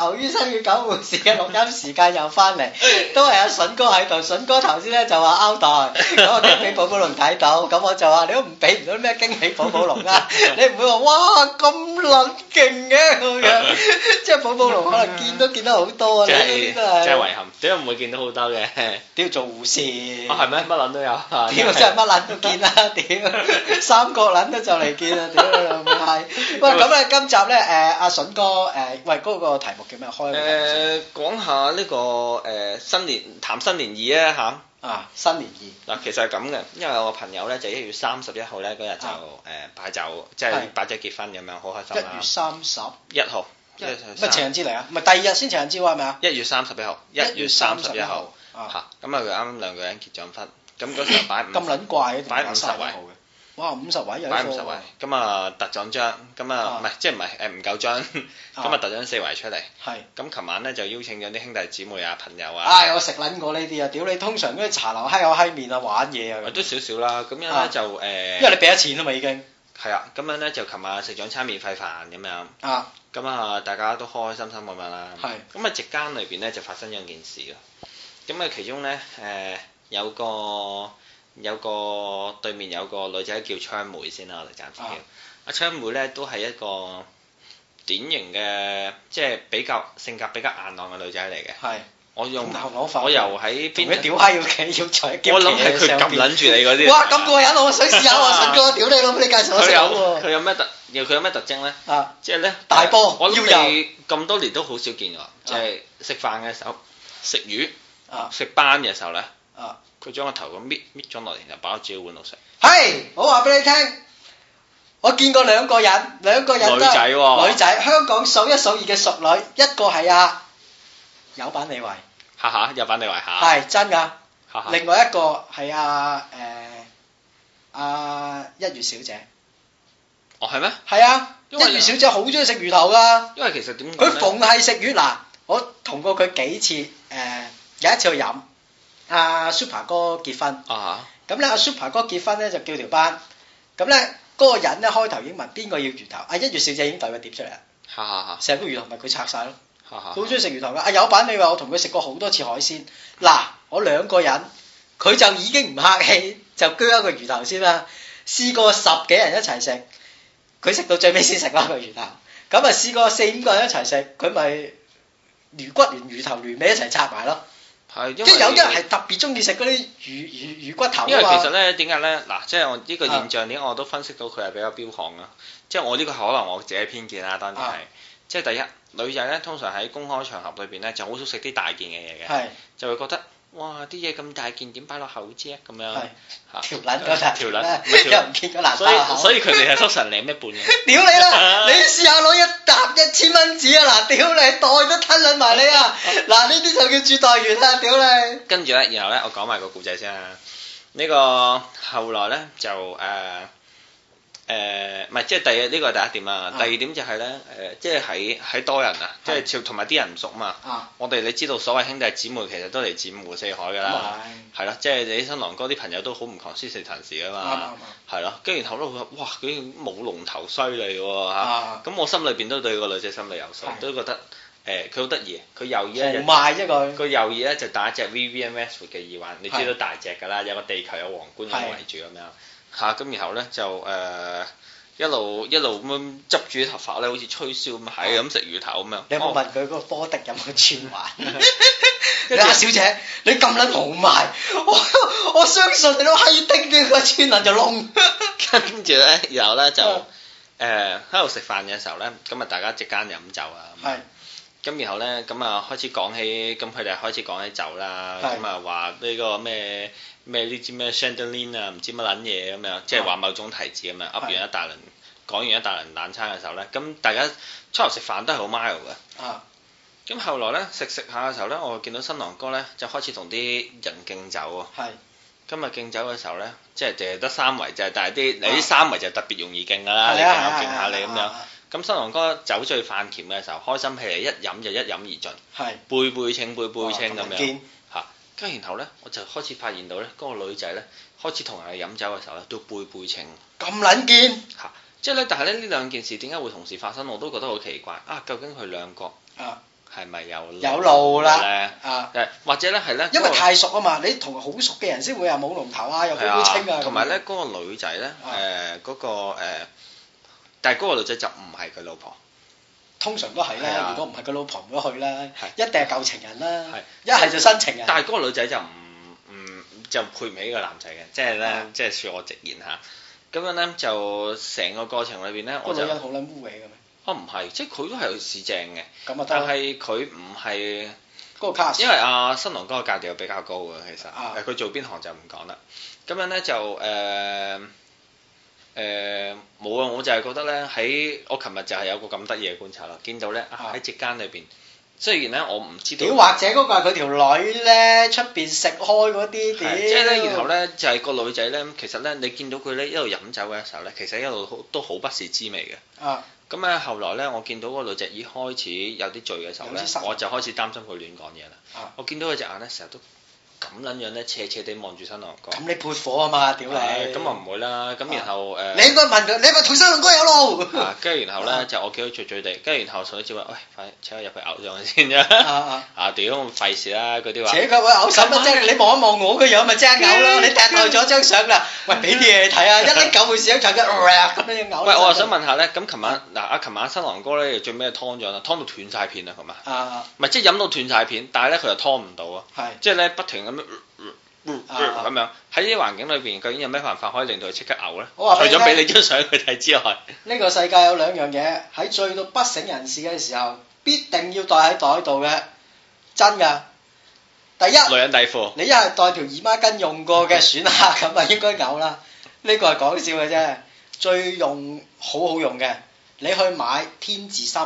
牛醫生要搞護士嘅錄音時間又翻嚟，都係阿筍哥喺度。筍哥頭先咧就話包袋，咁我哋俾寶寶龍睇到，咁我就話你都唔俾唔到咩驚喜寶寶龍啊！你唔會話哇咁撚勁嘅咁樣，啊、 即係寶寶龍可能見都見到好多啦，就是、都係即係遺憾，點解唔會見到好多嘅。都 要做護士。啊係咩？乜撚都有。屌真係乜撚都見啦！屌、 啊、 三角撚都就嚟見啦！屌又唔係。喂， 咁啊今集咧誒阿筍哥誒喂嗰個題目。啊啊啊啊啊叫咩、呃？講下呢、呢個誒、呃、新年談新年二啊嚇啊，啊新年二，嗱、啊、其實係咁嘅，因為我朋友咧就一月三十一號咧嗰日就誒擺酒，即係擺咗結婚咁樣，好開心一、啊、月三十一號，一唔係情人節嚟啊？唔係第二日先情人節喎，係咪啊？一月三十一號，一月三十一號嚇，咁啊啱啱兩個人結咗婚，咁嗰場擺五十圍。 哇，五十位有五十位，咁啊特獎張，咁啊唔係即係唔係誒唔夠張，咁啊特獎四圍出嚟。係。咁琴晚咧就邀請咗啲兄弟姐妹啊朋友啊。唉，我食撚過呢啲啊！屌你，通常都啲茶樓閪口閪面啊玩嘢啊。都少少啦，咁樣咧就誒、呃。因為你俾咗錢啊嘛已經。係啊，咁樣咧就琴晚食咗餐免費飯咁樣。啊。咁啊，大家都開開心心咁樣啦。係。咁啊，席間裏邊咧就發生咗件事啊！咁啊，其中咧誒有個。有個對面有個女仔叫昌梅先啦，我哋暫時叫。阿昌梅咧都係一個典型嘅，即係比較性格比較硬朗嘅女仔嚟嘅。係，我用我又喺邊？點解要要坐喺？我諗係佢撳撚住你嗰啲。哇！咁個人，我想試下，我想個，屌你老母！你介紹我試下喎。佢有佢有咩特？又佢有咩特徵咧？啊！即係咧大波要有咁多年都好少見㗎，即係食飯嘅時候食魚，食斑嘅時候咧。佢將個頭咁搣搣咗落嚟，然後把個嘴換到食。係，Hey, 我話俾你聽，我見過兩個人，兩個人女仔、啊，女仔，香港數一數二嘅淑女，一個係阿、啊、有板李慧，吓吓，有板李慧吓，係真噶，哈哈另外一個係阿誒阿一月小姐。哦，係咩？係啊，為一月小姐好中意食魚頭噶。因為其實點？佢逢係食魚腩，我同過佢幾次，誒、呃呃，有一次去飲。阿、啊、Super 哥結婚，咁咧阿 Super 哥結婚咧就叫條班，咁咧嗰個人咧開頭英文邊個要魚頭，阿、啊、一月小姐已經遞、uh huh. 個碟出嚟，成個魚頭咪佢拆晒咯，佢好中意食魚頭嘅，啊，有品你話我同佢食過好多次海鮮，嗱我兩個人，佢就已經唔客氣，就攤一個魚頭先啦，試過十幾人一齊食，佢食到最尾先食嗰個魚頭，咁啊試過四五個人一齊食，佢咪魚骨連魚頭，連，魚頭連尾，尾一齊拆埋咯。係，因為即係有啲人係特別中意食嗰啲魚魚魚骨頭，因為其實咧，點解咧？嗱，即我呢個現象咧，啊、我都分析到佢係比較彪悍啊。即係我呢個可能我自己偏見啦，當然係，啊、即係第一，女仔咧通常喺公開場合裏邊咧就好少食啲大件嘅嘢嘅，啊、就會覺得。哇！啲嘢咁大件點擺落口啫咁樣，是啊、條捻嗰扎，條捻、啊、又唔見咗，難得所以佢哋阿蘇神舐咩半嘅？屌你啦！你試下攞一疊一千蚊紙啊！嗱，屌你袋都吞撚埋你啊！嗱，呢啲就叫住袋員啦！屌、啊、你！跟住呢，啊、然後呢，我講埋個故仔先啊！呢、呢個後來呢，就誒。呃誒，唔係，即係第，呢個第一點啊，第二點就係咧，誒，即係喺喺多人啊，即係同埋啲人唔熟嘛，我哋你知道所謂兄弟姊妹其實都嚟自五湖四海噶啦，係咯，即係你新郎哥啲朋友都好唔同天時地時噶嘛，係咯，跟住然後咧佢，哇，佢冇龍頭衰你喎，咁我心裏邊都對個女仔心理有數，都覺得誒，佢好得意，佢右耳一，豪邁啫佢，個右耳咧就戴隻 V V M S 嘅耳環，你知道大隻噶啦，有個地球有皇冠咁圍住咁樣。吓，咁然後咧就誒一路一路咁樣執住啲頭髮咧，好似吹簫咁係咁食魚頭咁樣。你有冇問佢嗰個波迪有冇串環？阿小姐，你咁撚豪邁，我我相信你都可以掟啲個串環入窿。跟住咧，然後咧就誒喺度食飯嘅時候咧，咁啊大家即間飲酒啊咁。嗯嗯嗯。咁然後咧，咁、嗯、啊開始講起，咁佢哋開始講起酒啦，咁啊話呢個咩咩呢支咩 Chandelier 啊，唔知乜撚嘢咁樣，即係話某種提子咁樣，噏完一大輪，講完一大輪晚餐嘅時候咧，咁大家初頭食飯都係好 mild 嘅，咁後來咧食食下嘅時候咧，我見到新郎哥咧就開始同啲、啊啊、人敬酒喎，今日敬酒嘅時候咧，即係淨係得三圍啫，但係啲你啲三圍就特別容易敬㗎啦、啊啊，你敬下敬下你咁樣。咁新郎哥酒醉飯甜嘅時候，開心起嚟一飲就一飲而盡是，背背青背背青咁樣嚇。跟住然後呢，我就開始發現到呢嗰、那個女仔呢，開始同人去飲酒嘅時候呢，都背背青。咁撚健嚇，即係呢。但係咧呢兩件事點解會同時發生？我都覺得好奇怪啊！究竟佢兩個啊，係咪有有路咧或者呢？係呢？因為太熟啊嘛，你同好熟嘅人先會話冇龍頭啊，有背背青啊。同埋、嗯、呢嗰、嗯那個女仔呢，誒、呃、嗰、那個、那個啊但係嗰個女仔就唔係佢老婆，通常都係啦。是啊、如果唔係佢老婆唔會去啦，是啊、一定係舊情人啦。一係是、啊、就新情人。但係嗰個女仔就唔唔就配唔起個男仔嘅，即係咧，嗯、即係恕我直言吓。咁樣咧就成個過程裏邊咧，我就好撚污衺嘅。啊，唔係，即係佢都係是事正嘅，嗯、但係佢唔係嗰個卡。因為阿、啊、新郎哥嘅格調又比較高嘅，其實佢、啊、做邊行就唔講啦。咁樣咧就誒。誒，冇啊、呃！我就係覺得咧，喺我琴日就係有個咁得意嘅觀察啦，見到咧喺席間裏邊，雖然咧我唔知道，或者嗰個係佢條女咧出邊食開嗰啲，即係咧，就是，呢然後咧就係、是、個女仔咧，其實咧你見到佢咧一路飲酒嘅時候咧，其實一路都好不是滋味嘅。咁啊，後來咧我見到嗰女仔已開始有啲醉嘅時候咧，我就開始擔心佢亂講嘢啦。啊、我見到佢隻眼咧成日都……啊啊啊咁撚樣咧，斜斜地望住新郎哥。咁你撥火啊嘛，屌你！咁啊唔會啦，咁然後誒。你應該問佢你咪同新郎哥有路。跟住然後咧就我叫佢醉醉地，跟住然後馮小姐話，喂，快請我入去咬上去先啫。」啊屌，咁費事啦，嗰啲話。扯腳喂，咬你望一望我嘅樣，咪即刻咬啦！你踢對咗張相啦，喂，俾啲嘢你睇啊！一拎狗會少一陣間喂，我啊想問下咧，咁琴晚嗱啊，琴晚新郎哥咧最屘劏咗啦，劏到斷晒片啦，係咪？啊唔係，即係飲到斷晒片，但係咧佢又劏唔到啊。係。即係咧，不停。咁嗯,嗯,嗯,嗯、啊、樣喺呢啲環境裏邊，究竟有咩辦法可以令到佢即刻嘔呢？呢除咗俾你張相佢睇之外，呢個世界有兩樣嘢，喺醉到不省人事嘅時候，必定要袋喺袋度嘅，真嘅。第一，女人底褲，你一係袋條姨媽巾用過嘅損下，咁啊應該嘔啦。呢、呢個係講笑嘅啫，最用好好用嘅，你去買天字心，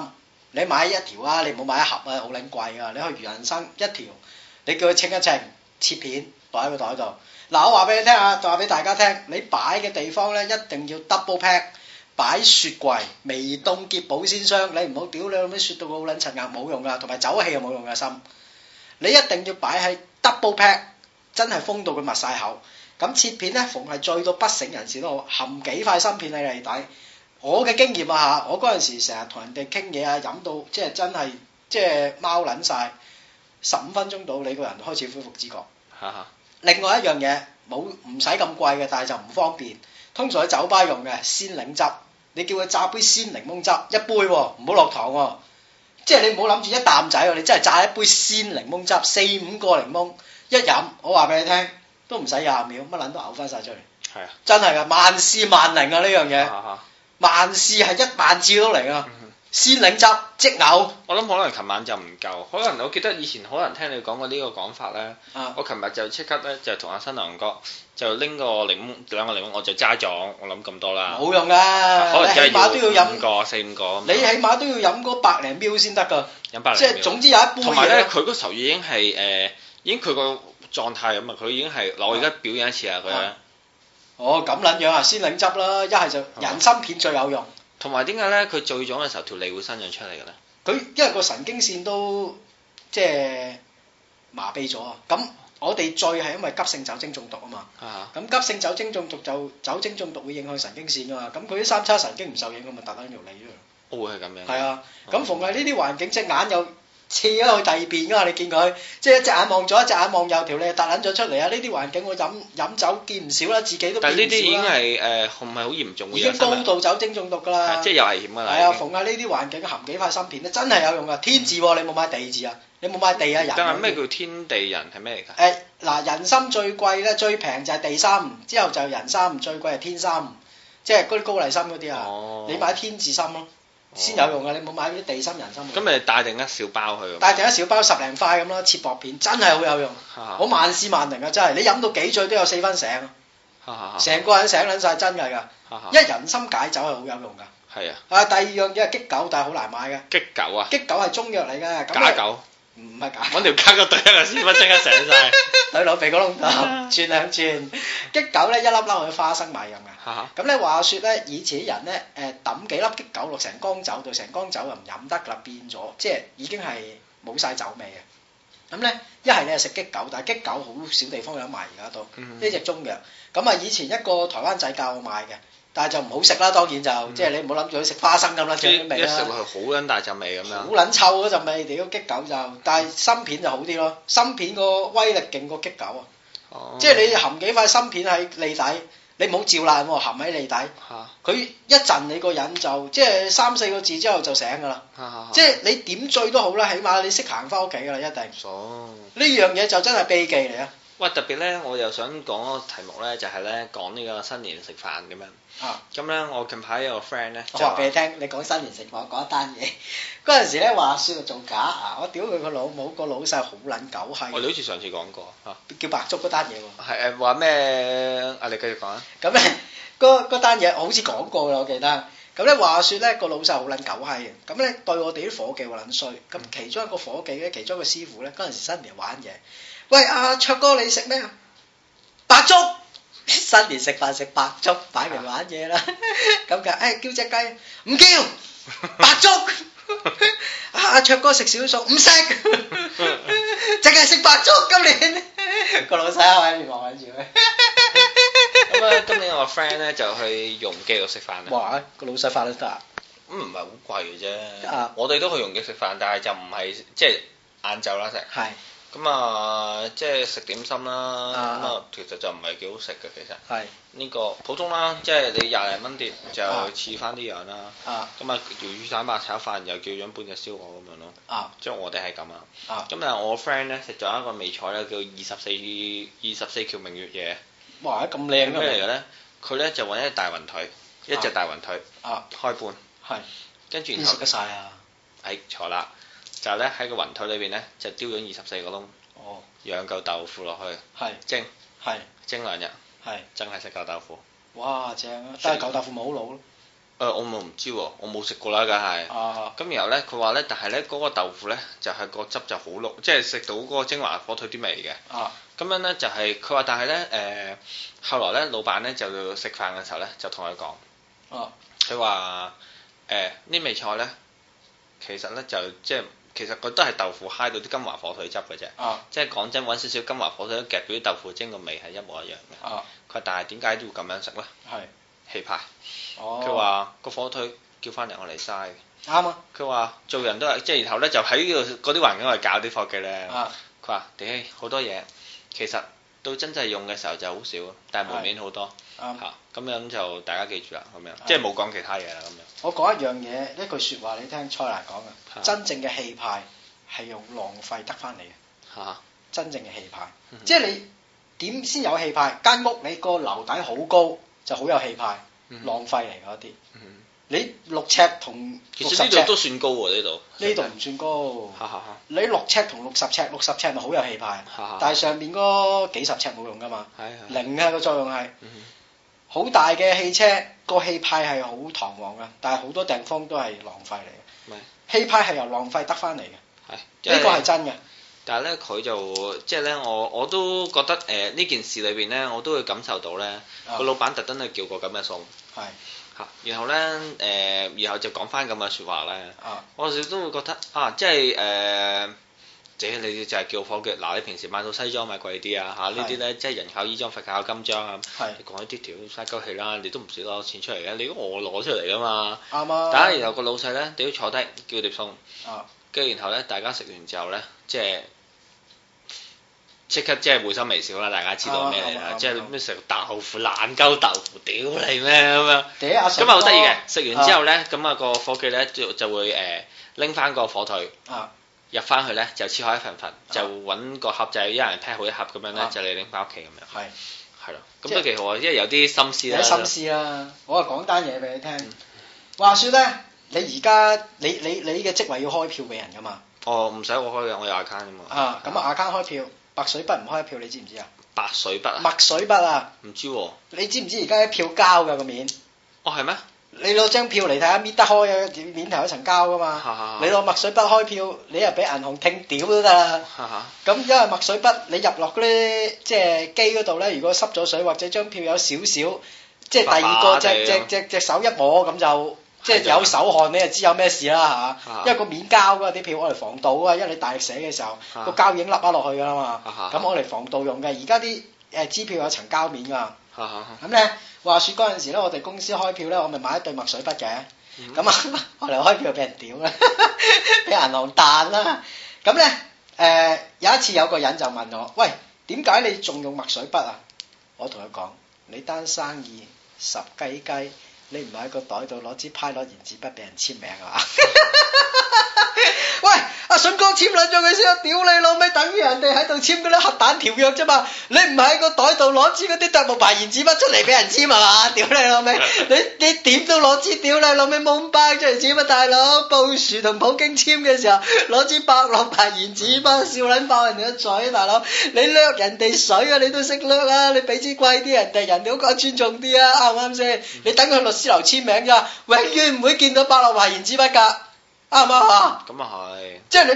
你買一條啊，你唔好買一盒啊，好撚貴啊。你去魚人山一條，你叫佢清,清一清。切片，袋喺個袋度。嗱，我話俾你聽啊，就話俾大家聽，你擺嘅地方咧一定要 double pack，擺雪櫃、微凍結保鮮箱，你唔好屌你老味雪到好撚柒硬，冇用噶，同埋走氣又冇用噶，心。你一定要擺喺 double pack，真係封到佢密晒口。咁切片咧，逢係醉到不省人事都好，含幾塊芯片喺你底。我嘅經驗啊吓，我嗰陣時成日同人哋傾嘢啊，飲到即係真係即係貓撚晒，十五分鐘到你個人開始恢復知覺。另外一樣嘢冇唔使咁貴嘅，但係就唔方便。通常喺酒吧用嘅鮮檸汁，你叫佢榨杯鮮檸檬汁，一杯喎、哦，唔好落糖喎、哦。即係你唔好諗住一啖仔，你真係榨一杯鮮檸檬汁，四五個檸檬一飲，我話俾你聽，都唔使廿秒，乜撚都嘔翻晒出嚟。係啊，真係㗎，萬事萬靈啊呢樣嘢，事啊、啊哈萬事係一萬次都嚟㗎。嗯先檸汁即牛，我諗可能琴晚就唔夠，可能我記得以前可能聽你講過呢個講法咧。我琴日就即刻咧就同阿新郎哥就拎個檸檬兩個檸檬，我就揸咗，我諗咁多啦。冇用噶，可能起碼都要飲個四五個。你起碼都要飲嗰百零秒先得噶，飲百即係總之有一杯。同埋咧，佢嗰時候已經係誒，已經佢個狀態咁啊，佢已經係嗱，我而家表演一次啊佢哦，咁撚樣啊！鮮檸汁啦，一係就人參片最有用。同埋點解咧？佢醉咗嘅時候條脷會伸長出嚟嘅咧？佢因為個神經線都即係麻痹咗啊！咁我哋醉係因為急性酒精中毒啊嘛。啊，啊！咁急性酒精中毒就酒精中毒會影響神經線㗎嘛？咁佢啲三叉神經唔受影響咪凸緊條脷咯。會係咁樣。係啊！咁逢係呢啲環境隻眼有。切咗去第二邊噶嘛，你見佢，即係一隻眼望左，一隻眼望右，條脷突撚咗出嚟啊！呢啲環境我飲飲酒見唔少啦，自己都。但呢啲已經係誒，唔係好嚴重。已經高度酒精中毒㗎啦。是是即係有危險啊！係啊、哎呀，經逢喺呢啲環境含幾塊芯片咧，真係有用噶。天字、啊，你冇買地字啊？你冇買地啊人？但係咩叫天地人係咩嚟㗎？誒嗱、呃，人心最貴咧，最平就係地心，之後就係人心，最貴係天心，即係啲高麗心嗰啲啊。哦、你買天字心咯、啊。先有用噶，你冇買啲地心人參。咁你帶定一小包去。帶定一小包十零塊咁咯，切薄片，真係好有用，好 萬試萬靈啊！真係，你飲到幾醉都有四分醒，成 個人醒撚晒。真係㗎。 一人參解酒係好有用㗎。係啊。啊，第二樣嘢係激狗，但係好難買㗎。激狗啊！激狗係中藥嚟㗎。假狗。唔係㗎，揾條筋個對腳嘅屎忽，即刻醒曬，對到鼻哥窿度轉兩轉，激狗咧一粒粒去花生埋飲啊！咁你話説咧，以前啲人咧誒抌幾粒激狗落成缸酒度，成缸酒又唔飲得啦，變咗即係已經係冇曬酒味嘅。咁咧一係你係食激狗，但係激狗好少地方有得賣而家都，呢隻中藥。咁啊，以前一個台灣仔教我買嘅。但係就唔好食啦，當然就、嗯、即係你唔好諗住去食花生咁啦，嗰啲些味啦。食落去好撚大陣味咁樣。好撚臭嗰陣味，你個激狗就，但係芯片就好啲咯，芯片個威力勁過激狗啊！哦、即係你含幾塊芯片喺脷底，你唔好照爛喎，含喺脷底。佢哈一陣你個人就即係三四個字之後就醒㗎啦。即係你點醉都好啦，起碼你識行翻屋企㗎啦，一定。呢樣嘢就真係秘技嚟啊！喂，特別咧，我又想講個題目咧，就係咧講呢個新年食飯咁樣。啊、嗯！咁咧，我近排有個 friend 咧，我話俾你聽，你講新年食飯講一單嘢。嗰 陣時咧話說做假啊！我屌佢個老母個老細好撚狗閪！我好似上次講過吓，嗯、叫白粥嗰單嘢喎。係誒，話咩？啊，你繼續講啊！咁咧、嗯，嗰嗰單嘢我好似講過啦，我記得。咁咧，話說咧個老細好撚狗閪，咁咧對我哋啲伙計話撚衰。咁其中一個伙計咧，其中一個師傅咧，嗰陣時新年玩嘢。嗯喂，阿卓哥你食咩？白粥，新年食飯食白粥，擺明玩嘢啦。咁嘅，哎叫隻雞唔叫，白粥。阿卓哥食少數唔食，淨係食白粥。今年個 老細喺度望緊住佢咁啊， 今年我 friend 咧就去容記度食飯啦。個老細發得得啊？咁唔係好貴嘅啫。啊、我哋都去容記食飯，但係就唔係即係晏晝啦食。係、就是。的咁啊，即係食點心啦，咁啊，其實就唔係幾好食嘅其實。係。呢個普通啦，即係你廿零蚊碟就似翻啲樣啦。咁啊，魚蛋白炒飯又叫咗半隻燒鵝咁樣咯。啊。即係我哋係咁啊。啊。咁啊，我 friend 咧食咗一個味菜咧，叫二十四二十四橋明月夜。哇！咁靚嘅咩嚟嘅咧？佢咧就揾一大雲腿，一隻大雲腿。啊。開半。係。跟住然後。食得曬啊！係錯啦。就咧喺個雲腿裏邊咧就雕咗二十四個窿，哦，養嚿豆腐落去，係是蒸，係是蒸兩日，係是真係食嚿豆腐。哇，正、啊、但係嚿豆腐唔係好老咯。誒、呃，我咪唔知喎、啊，我冇食過啦，梗係。咁、ah. 然後咧，佢話咧，但係咧嗰個豆腐咧就係、是、個汁就好濃，即係食到嗰個精華火腿啲味嘅。啊、ah.。咁樣咧就係佢話，但係咧誒，後來咧老闆咧就食飯嘅時候咧就同佢講，哦、ah.，佢話誒呢味菜咧，其實咧就、就是、即係。即其實佢都係豆腐嗨到啲金華火腿汁嘅啫、啊，即係講真揾少少金華火腿夾住啲豆腐蒸嘅味係一模一樣嘅。佢話：但係點解都要咁樣食呢？係氣派。佢話個火腿叫翻嚟我嚟嘥。啱啊！佢話做人都係即係然後呢，就喺呢度嗰啲環境嚟搞啲貨嘅呢。佢話、啊：，屌、哎、好多嘢，其實到真正用嘅時候就好少，但係門面好係多。吓，咁樣就大家記住啦，係咪啊？即係冇講其他嘢啦，咁樣。我講一樣嘢，一句說話你聽蔡瀾講嘅，真正嘅氣派係用浪費得翻嚟嘅。真正嘅氣派，即係你點先有氣派？間屋你個樓底好高就好有氣派，浪費嚟嗰啲。你六尺同，其實呢度都算高喎，呢度。呢度唔算高。吓你六尺同六十尺，六十尺咪好有氣派。但係上面嗰幾十尺冇用噶嘛。係係。零啊個作用係。好大嘅汽車，個氣派係好堂皇嘅，但係好多地方都係浪費嚟嘅。氣的派係由浪費得翻嚟嘅，的個呢個係真嘅。但係咧，佢就即係咧，我我都覺得誒呢、呃、件事裏邊咧，我都會感受到咧，個、啊、老闆特登去叫過咁嘅餸。係嚇的，然後咧誒、呃，然後就講翻咁嘅説話咧。啊、我時都會覺得啊，即係誒。呃即係你就係叫夥計，嗱你平時買套西裝咪貴啲啊嚇，呢啲咧即係人靠衣裝，佛靠金裝啊。係講呢啲條嘥鳩氣啦，你都唔少攞錢出嚟嘅，你都我攞出嚟噶嘛。啱啊！咁然後個老細咧，屌坐低叫碟餸。啊！跟住然後咧，大家食完之後咧，即係即刻即係會心微笑啦。大家知道咩嚟啦？即係咩食豆腐爛鳩豆腐，屌你咩咁樣？咁啊好得意嘅！食完之後咧，咁啊個夥計咧就就會誒拎翻個火腿。入翻去咧，就撕開一份份，就揾個盒仔，一人 pack 好一盒咁樣咧，就你拎翻屋企咁樣。係係咯，咁都幾好啊，因為有啲心思啦。有心思啦，我啊講單嘢俾你聽。話說咧，你而家你你你嘅職位要開票俾人噶嘛？哦，唔使我開嘅，我有 account 㗎嘛。啊，咁啊 account 開票，白水筆唔開票，你知唔知啊？白水筆啊？墨水筆啊？唔知喎。你知唔知而家一票交㗎個面？哦，係咩？你攞張票嚟睇下搣得開啊，面頭有層膠噶嘛。 你攞墨水筆開票，你又俾銀行聽屌都得啦。咁 因為墨水筆你入落嗰啲即係機嗰度咧，如果濕咗水或者張票有少少，即係第二個隻隻隻隻手一摸咁就，即係的有手汗你就知有咩事啦嚇。 因為個面膠嘅啲票我嚟防盜嘅，因為你大力寫嘅時候個 膠影凹咗落去噶啦嘛。咁我嚟防盜用嘅，而家啲誒支票有層膠面噶。咁咧。 話説嗰陣時咧，我哋公司開票咧，我咪買一對墨水筆嘅，咁啊、嗯，後來開票又俾人屌啦，俾 銀行彈啦，咁咧，誒、呃、有一次有一個人就問我，喂，點解你仲用墨水筆啊？我同佢講，你單生意十雞雞，你唔係喺個袋度攞支派攞原子筆俾人簽名啊？ 喂，阿、啊、筍哥簽撚咗佢先，屌你老味，等於人哋喺度簽嗰啲核彈條約啫嘛！你唔係喺個袋度攞支嗰啲特木牌原子筆出嚟俾人簽嘛？嘛，屌你老味，你你點都攞支屌你老味蒙巴出嚟簽啊！大佬，布殊同普京簽嘅時候，攞支百樂牌原子筆笑捻爆人哋嘅嘴，大佬，你掠人哋水啊！你都識掠啦，你俾支貴啲人哋，人哋好覺尊重啲啊，啱唔啱先？ 你等佢去律師樓簽名咋，永遠唔會見到百樂牌原子筆噶。啱啊！咁啊係，即係你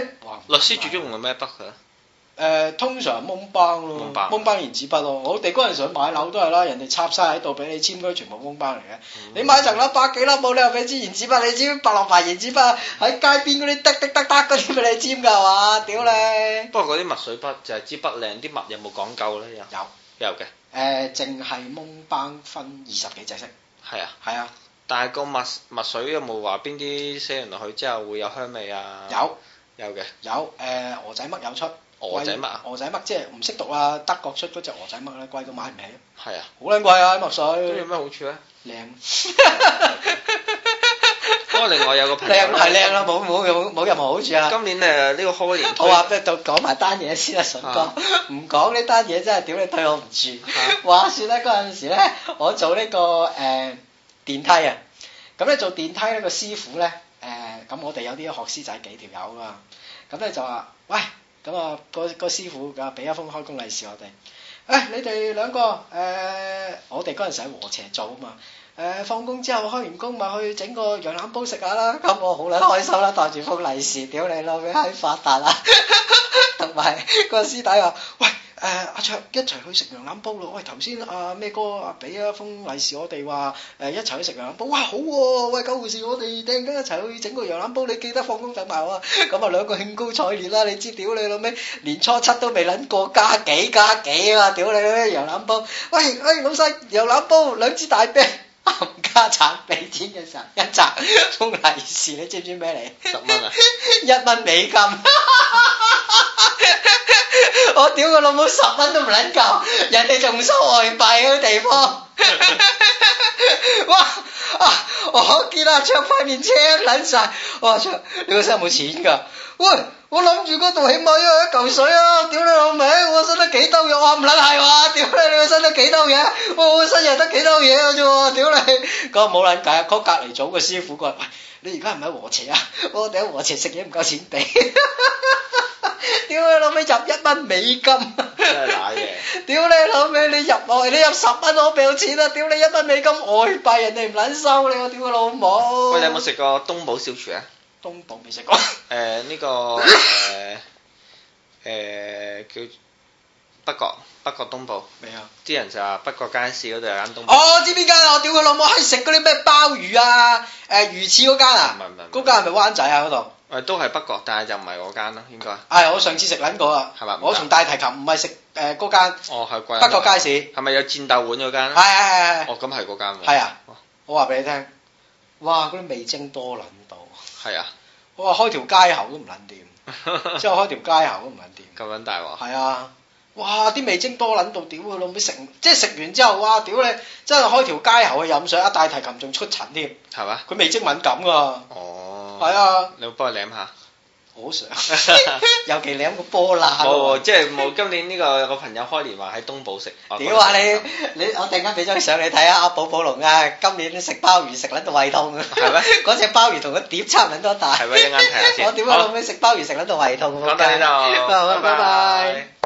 律師最中用咩筆嘅？誒，通常蒙班咯，蒙班原子筆咯。我哋嗰陣想買樓都係啦，人哋插晒喺度俾你簽嗰啲全部蒙班嚟嘅。你買層樓百幾粒冇理由俾支原子筆你知，白落牌原子筆喺街邊嗰啲滴滴得得嗰啲俾你簽噶係嘛？屌你！不過嗰啲墨水筆就係支筆靚，啲墨有冇講究咧？有有嘅。誒，淨係蒙班分二十幾隻色。係啊，係啊。但係個墨，墨水有冇話邊啲寫完落去之後會有香味啊？有有嘅。有誒，鵝仔乜有出？鵝仔乜啊？鵝仔乜即係唔識讀啊？德國出嗰隻鵝仔乜咧，貴到買唔起。係啊。好卵貴啊！墨水。咁有咩好處咧？靚。不過另外有個朋友。靚係靚咯，冇冇冇冇任何好處啊！今年誒呢個 holiday。我話即係講埋單嘢先啊，順哥，唔講呢單嘢真係屌你，對我唔住。話說咧，嗰陣時咧，我做呢個誒。電梯啊，咁咧做電梯咧個師傅咧，誒、呃、咁我哋有啲學師仔幾條友噶，咁咧就話，喂，咁、那、啊個、那個師傅啊俾一封開工利是我哋。誒、哎、你哋兩個，誒、呃、我哋嗰陣時喺和斜做啊嘛，誒放工之後開完工咪去整個羊腩煲食下啦，咁我好撚開心啦，帶住封利是，屌你老味喺發達啊，同 埋個師弟話，喂。誒阿卓一齊去食羊腩煲咯！喂，頭先阿咩哥阿比啊封利是我哋話，誒一齊去食羊腩煲，哇好喎！喂，狗護士我哋突然間一齊去整個羊腩煲，你記得放工等埋我啊！咁啊兩個興高采烈啦！你知屌你老味，年初七都未撚過，加幾加幾啊！屌你老味羊腩煲，喂喂，老細羊腩煲兩支大啤，冚家產俾錢嘅時候一集一集封利是，你知唔知咩嚟？十蚊啊，一蚊美金。我屌個老母十蚊都唔撚夠，人哋仲收外幣嗰啲地方， 哇啊我見得窗塊面青撚晒。我話，你個身冇錢㗎？哇！我諗住嗰度起碼有一嚿水啊！屌你老味，我身得幾多肉啊？唔撚係話！屌你，你個身得幾多嘢？我個身又得幾多嘢嘅啫屌你，嗰個冇撚計嗰隔離組嘅師傅講，喂，你而家唔係和邪啊？我頂和邪食嘢唔夠錢俾。 屌你老味入一蚊美金，真係瀨嘢！屌你老味，你入外，你入十蚊我俾到錢啊！屌你一蚊美金外幣，人哋唔捻收你個，屌你老母！喂，你有冇食過東寶小廚啊？東寶未食過。誒、呃、呢、這個誒誒、 呃、叫北角北角東寶，未啊有？啲人就話北角街市嗰度有間東寶、哦。我知邊間啊，我屌你老母，係食嗰啲咩鮑魚啊？誒、呃、魚翅嗰間啊？唔明唔明。嗰間係咪灣仔啊？嗰度？誒，都係北角，但係就唔係嗰間咯，應該。係我上次食捻過啊，係嘛？我從大提琴唔係食誒嗰間，哦係貴北角街市，係咪有戰鬥碗嗰間咧？係係係。哦，咁係嗰間。係啊，我話俾你聽，哇，嗰啲味精多捻到，係啊，我話開條街喉都唔捻掂，即係開條街喉都唔捻掂。咁捻大鑊。係啊，哇，啲味精多捻到，屌佢老母，成即係食完之後，哇，屌你，真係開條街喉去飲水，阿大提琴仲出塵添，係嘛？佢味精敏感噶。哦。係啊，你幫我舐下，好 想樂， 尤其舐個波腩即係冇今年呢、這個個朋友開年話喺東寶食，我話你你、嗯、你我突然間俾張相你睇啊！阿寶寶龍啊，今年食鮑魚食得到胃痛，係咩嗎？嗰 隻鮑魚同個碟差唔多大，咪？看看我點解後屘食鮑魚食得到胃痛。講蛋拜拜。拜拜